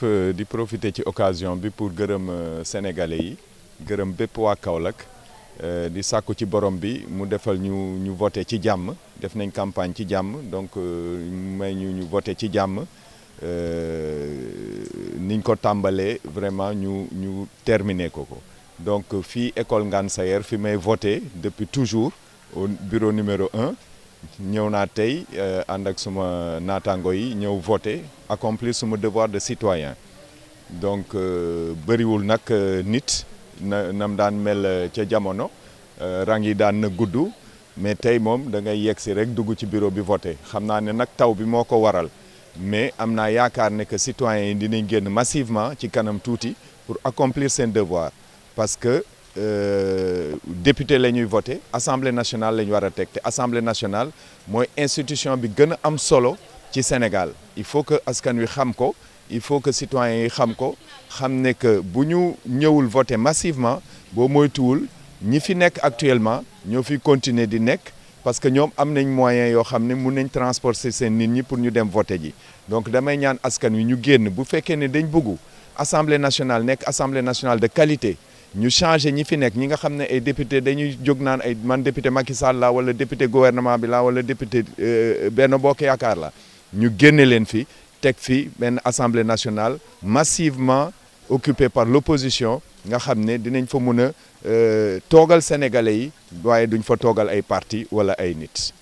def eh, di profiter ci occasion bi pour gërëm eh, sénégalais yi gërëm bépp wa kaolak eh, di sakku ci borom bi mu defal ñu ñu voter ci jamm def nañ campagne ci jamm donc may ñu ñu voter ci jamm euh niñ ko tambalé vraiment ñu ñu terminer koko donc fi école Ngane Sayer fi may voter depuis toujours au bureau numéro 1 Nous, tay tey euh, accomplir suma devoir de citoyen donc euh, euh, nit mel ci jamono daan na nous mais tay mom da ngay rek bi voter ne waral mais amna que citoyens yi génn massivement ci pour accomplir ses devoir parce que euh, député la ñuy voté assemblée nationale la ñu war a assemblée nationale mooy institution bi gën am solo ci Sénégal il faut que askan wi xam ko il faut que citoyens yi xam ko xam que bu ñu ñëwul voté massivement boo moytuwul ñi fi nekk actuellement ñoo fi continuer di nek parce que ñoom am nañ moyen yoo xam ne transporter ces nit ñi pour ñu dem voté ji donc damay ñaan askan wi ñu génn bu fekkee ne dañ bëggu assemblée nationale nekk assemblée nationale de qualité nous changé ñi fi nous député dañuy député député gouvernement bi la député ben Bokk la ñu génné len fi tek assemblée nationale massivement occupée par l'opposition nga xamné dinañ fa euh, sénégalais yi waye duñ fa parti wala ay nit.